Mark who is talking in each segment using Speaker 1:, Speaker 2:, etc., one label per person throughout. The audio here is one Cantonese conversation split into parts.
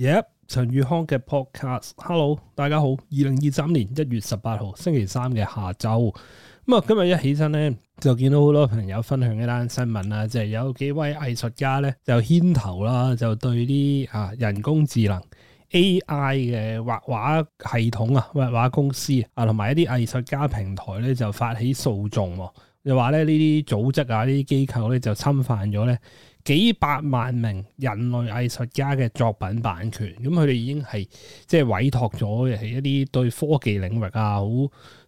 Speaker 1: 耶！Yeah，陳宇康嘅 podcast，hello，大家好。二零二三年一月十八號星期三嘅下晝，咁啊，今日一起身咧就見到好多朋友分享一單新聞啊，就係有幾位藝術家咧就牽頭啦，就對啲啊人工智能 AI 嘅畫畫系統啊，畫畫公司啊，同埋一啲藝術家平台咧就發起訴訟，又話咧呢啲組織啊、呢啲機構咧就侵犯咗咧，幾百萬名人類藝術家嘅作品版權，咁佢哋已經係即係委託咗嘅係一啲對科技領域啊好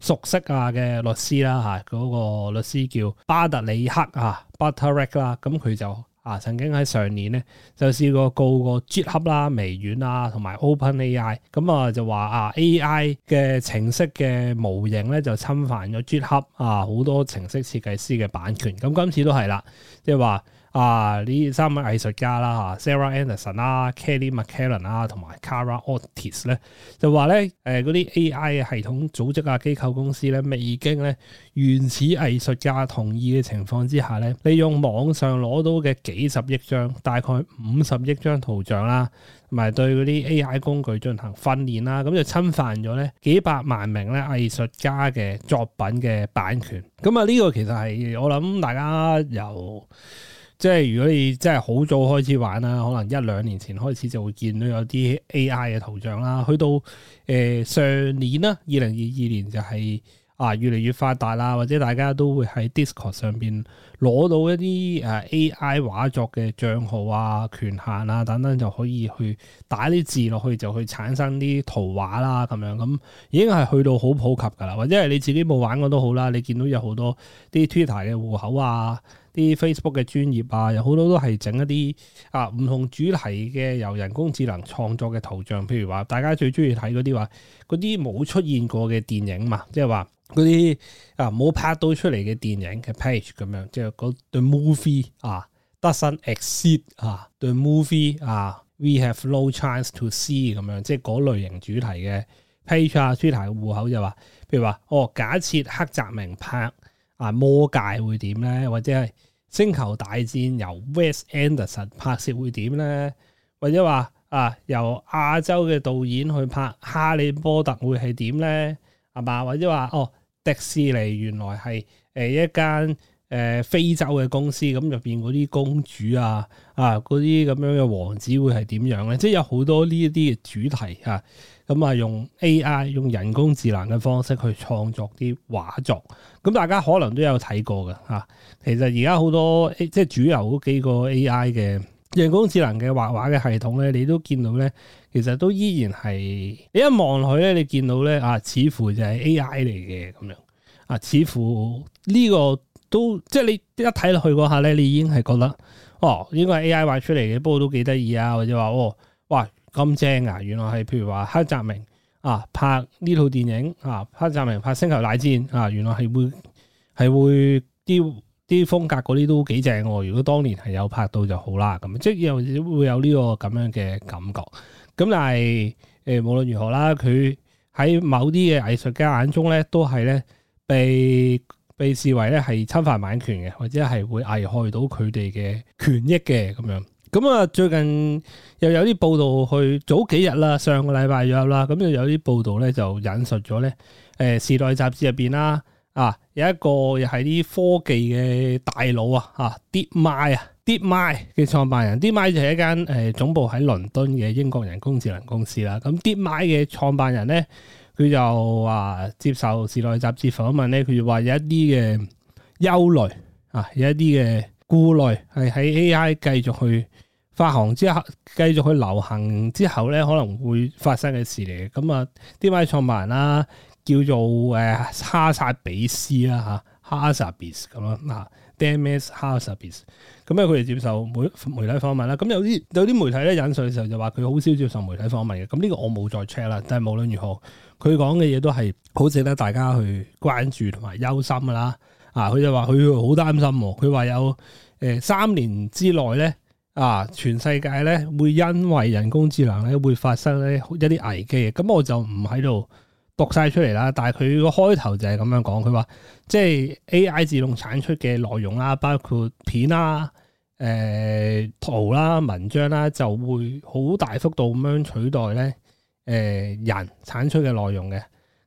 Speaker 1: 熟悉啊嘅律師啦嚇，嗰、那個律師叫巴特里克啊，Butterick 啦，咁佢、啊、就啊曾經喺上年咧就試過告過 GitHub 啦、啊、微軟啊同埋 OpenAI，咁啊就話啊 AI 嘅程式嘅模型咧就侵犯咗 GitHub 啊好多程式設計師嘅版權，咁、啊、今次都係啦，即係話。啊！呢三位藝術家啦，Sarah Anderson 啦、Kelly McKernan 啦，同埋 Cara Ortiz 咧，就話咧，誒嗰啲 AI 系統組織啊、機構公司咧，未經咧原始藝術家同意嘅情況之下咧，利用網上攞到嘅幾十億張，大概五十億張圖像啦，同、啊、埋對嗰啲 AI 工具進行訓練啦，咁、啊嗯、就侵犯咗咧幾百萬名咧藝術家嘅作品嘅版權。咁啊，呢、這個其實係我諗大家由。即係如果你真係好早開始玩啦，可能一兩年前開始就會見到有啲 AI 嘅圖像啦。去到誒、呃、上年啦，二零二二年就係、是、啊越嚟越發達啦，或者大家都會喺 Discord 上邊攞到一啲誒、啊、AI 畫作嘅帳號啊、權限啊等等，就可以去打啲字落去，就去產生啲圖畫啦、啊、咁樣。咁已經係去到好普及噶啦，或者係你自己冇玩過都好啦。你見到有好多啲 Twitter 嘅戶口啊～啲 Facebook 嘅專頁啊，有好多都係整一啲啊唔同主題嘅由人工智能創作嘅圖像，譬如話大家最中意睇嗰啲話嗰啲冇出現過嘅電影嘛，即係話嗰啲啊冇拍到出嚟嘅電影嘅 page 咁樣，即係嗰對 movie 啊 doesn't exist，啊對 movie 啊 we have no chance to see 咁樣，即係嗰類型主題嘅 page 啊主題嘅戶口就話，譬如話哦假設黑澤明拍。啊！魔界會點咧？或者係星球大戰由 Wes Anderson 拍攝會點咧？或者話啊，由亞洲嘅導演去拍哈利波特會係點咧？係嘛？或者話哦，迪士尼原來係誒、呃、一間。誒，非洲嘅公司咁入邊嗰啲公主啊，啊嗰啲咁樣嘅王子會係點樣咧？即係有好多呢一啲嘅主題啊，咁啊用 AI 用人工智能嘅方式去創作啲畫作，咁、啊、大家可能都有睇過嘅吓、啊。其實而家好多、啊、即係主流嗰幾個 AI 嘅人工智能嘅畫畫嘅系統咧，你都見到咧，其實都依然係你一望落去咧，你見到咧啊，似乎就係 AI 嚟嘅咁樣啊，似乎呢個。都即係你一睇落去嗰下咧，你已經係覺得哦，應該係 AI 畫出嚟嘅，不過都幾得意啊！或者話哦，哇咁正啊！原來係譬如話黑澤明啊拍呢套電影啊，黑澤明拍星球大戰啊，原來係會係會啲啲風格嗰啲都幾正喎、啊！如果當年係有拍到就好啦，咁即係又會有呢、這個咁樣嘅感覺。咁但係誒、呃，無論如何啦，佢喺某啲嘅藝術家眼中咧，都係咧被。被視為咧係侵犯版權嘅，或者係會危害到佢哋嘅權益嘅咁樣。咁、嗯、啊，最近又有啲報道去早幾日啦，上個禮拜約啦。咁又有啲報道咧就引述咗咧，誒、呃《時代雜誌》入邊啦，啊有一個又係啲科技嘅大佬啊，嚇 DeepMind 啊 DeepMind 嘅創辦人 DeepMind 就係一間誒、呃、總部喺倫敦嘅英國人工智能公司啦。咁 DeepMind 嘅創辦人咧。佢就話接受時代雜誌訪問咧，佢就話有一啲嘅憂慮啊，有一啲嘅顧慮，係喺 AI 繼續去發行之後，繼續去流行之後咧，可能會發生嘅事嚟嘅。咁啊，啲位創辦人啦，叫做誒、啊、哈薩比斯啦嚇。啊哈薩比斯咁樣，嗱 Demis Hassabis 咁咧佢哋接受媒媒體訪問啦，咁、嗯、有啲有啲媒體咧引述嘅時候就話佢好少接受媒體訪問嘅，咁、嗯、呢、這個我冇再 check 啦，但係無論如何，佢講嘅嘢都係好值得大家去關注同埋憂心噶啦，啊佢就話佢好擔心，佢話有誒三、呃、年之內咧啊，全世界咧會因為人工智能咧會發生咧一啲危機嘅，咁我就唔喺度。駁晒出嚟啦，但係佢個開頭就係咁樣講，佢話即係 A.I. 自動產出嘅內容啦，包括片啦、誒、呃、圖啦、文章啦，就會好大幅度咁樣取代咧誒人產出嘅內容嘅。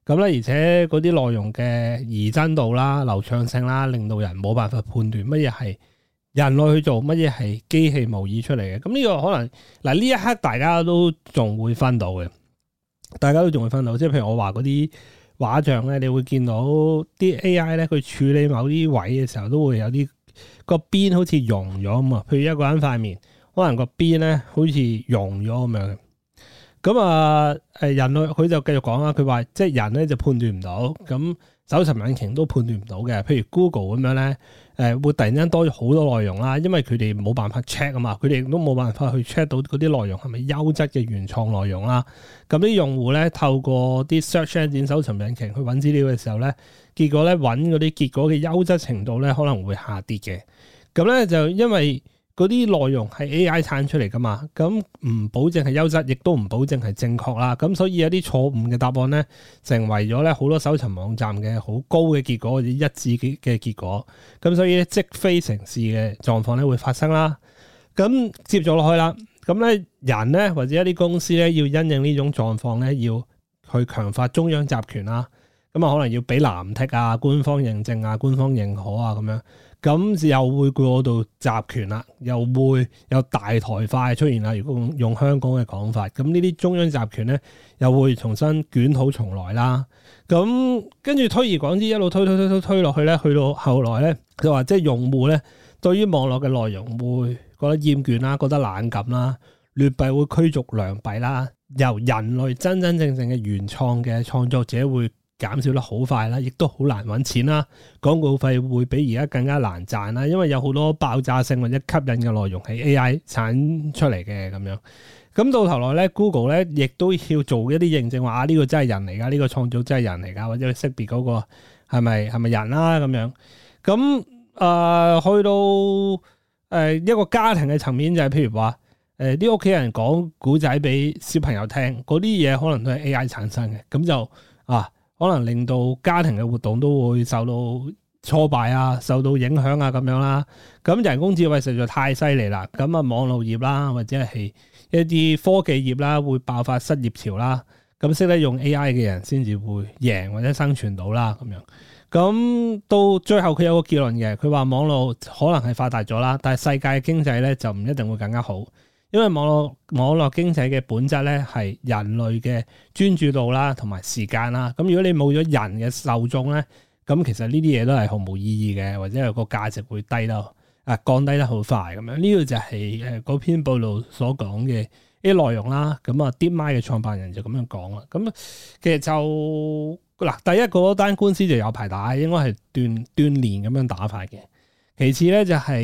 Speaker 1: 咁、嗯、咧，而且嗰啲內容嘅擬真度啦、流暢性啦，令到人冇辦法判斷乜嘢係人類去做，乜嘢係機器模擬出嚟嘅。咁、嗯、呢、這個可能嗱呢一刻，大家都仲會分到嘅。大家都仲會分到，即係譬如我話嗰啲畫像咧，你會見到啲 AI 咧，佢處理某啲位嘅時候都會有啲個邊好似融咗咁啊！譬如一個人塊面，可能個邊咧好似融咗咁樣。咁啊，誒、嗯、人類佢就繼續講啦，佢話即係人咧就判斷唔到，咁搜尋引擎都判斷唔到嘅，譬如 Google 咁樣咧，誒、呃、會突然間多咗好多內容啦，因為佢哋冇辦法 check 啊嘛，佢哋都冇辦法去 check 到嗰啲內容係咪優質嘅原創內容啦、啊。咁、嗯、啲用戶咧透過啲 search engine 搜尋引擎去揾資料嘅時候咧，結果咧揾嗰啲結果嘅優質程度咧可能會下跌嘅。咁咧就因為。嗰啲內容係 AI 產出嚟㗎嘛，咁唔保證係優質，亦都唔保證係正確啦。咁所以有啲錯誤嘅答案咧，成為咗咧好多搜尋網站嘅好高嘅結果，或者一致嘅嘅結果。咁所以即非城市嘅狀況咧會發生啦。咁接咗落去啦，咁咧人咧或者一啲公司咧要因應呢種狀況咧，要去強化中央集權啦。咁啊可能要俾藍剔啊，官方認證啊，官方認可啊咁樣。咁又會過度集權啦，又會有大台化出現啦。如果用香港嘅講法，咁呢啲中央集權咧，又會重新捲土重來啦。咁跟住推而廣之，一路推推推推推落去咧，去到後來咧，就話即係用戶咧對於網絡嘅內容會覺得厭倦啦，覺得冷感啦，劣幣會驅逐良幣啦，由人類真真正正嘅原創嘅創作者會。減少得好快啦，亦都好難揾錢啦。廣告費會比而家更加難賺啦，因為有好多爆炸性或者吸引嘅內容係 AI 產出嚟嘅咁樣。咁到頭來咧，Google 咧亦都要做一啲認證，話啊呢、呢個真係人嚟㗎，呢、呢個創造真係人嚟㗎，或者識別嗰個係咪係咪人啦、啊、咁樣。咁、嗯、啊、呃、去到誒、呃、一個家庭嘅層面、就係，就係譬如話誒啲屋企人講古仔俾小朋友聽，嗰啲嘢可能都係 AI 產生嘅，咁就啊～可能令到家庭嘅活動都會受到挫敗啊，受到影響啊咁樣啦。咁人工智能實在太犀利啦，咁啊網絡業啦，或者係一啲科技業啦，會爆發失業潮啦。咁識得用 AI 嘅人先至會贏或者生存到啦咁樣。咁到最後佢有個結論嘅，佢話網絡可能係發達咗啦，但係世界嘅經濟咧就唔一定會更加好。因為網絡網絡經濟嘅本質咧係人類嘅專注度啦，同埋時間啦。咁如果你冇咗人嘅受眾咧，咁其實呢啲嘢都係毫無意義嘅，或者係個價值會低到啊，降低得好快咁樣。呢個就係誒嗰篇報道所講嘅一啲內容啦。咁啊 DeepMind 嘅創辦人就咁樣講啦。咁其實就嗱，第一個單官司就有排打，應該係鍛鍛煉咁樣打法嘅。其次咧就係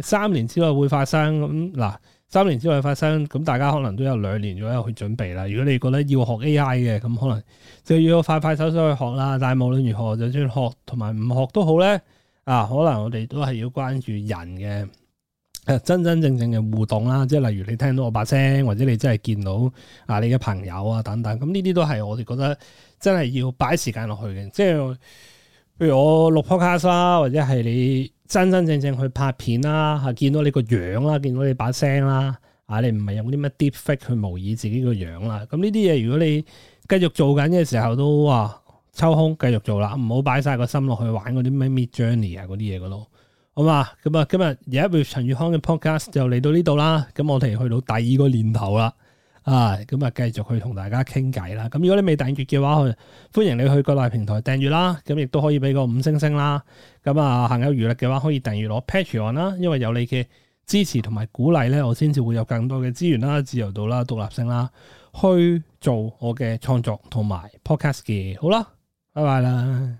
Speaker 1: 誒三年之內會發生咁嗱、嗯、三年之內發生，咁大家可能都有兩年左右去準備啦。如果你覺得要學 AI 嘅，咁可能就要快快手手去學啦，但係無論如何，就算學同埋唔學都好咧啊，可能我哋都係要關注人嘅真真正正嘅互動啦，即係例如你聽到我把聲，或者你真係見到啊你嘅朋友啊等等，咁呢啲都係我哋覺得真係要擺時間落去嘅即係。譬如我錄 podcast 啦，或者係你真真正正去拍片啦，係見到你個樣啦，見到你把聲啦，啊，你唔係用啲乜 deep fake 去模擬自己個樣啦。咁呢啲嘢，如果你繼續做緊嘅時候，都啊抽空繼續做啦，唔好擺晒個心落去玩嗰啲咩 Midjourney 啊嗰啲嘢嗰度好嘛？咁啊，今日而家 with 陳宇康嘅 podcast 就嚟到呢度啦，咁、嗯、我哋去到第二個年頭啦。啊，咁啊，繼續去同大家傾偈啦。咁如果你未訂閲嘅話，歡迎你去各大平台訂閲啦。咁亦都可以俾個五星星啦。咁啊，行有餘力嘅話，可以訂閲攞 Patreon 啦。因為有你嘅支持同埋鼓勵咧，我先至會有更多嘅資源啦、自由度啦、獨立性啦，去做我嘅創作同埋 Podcast 嘅。好啦，拜拜啦。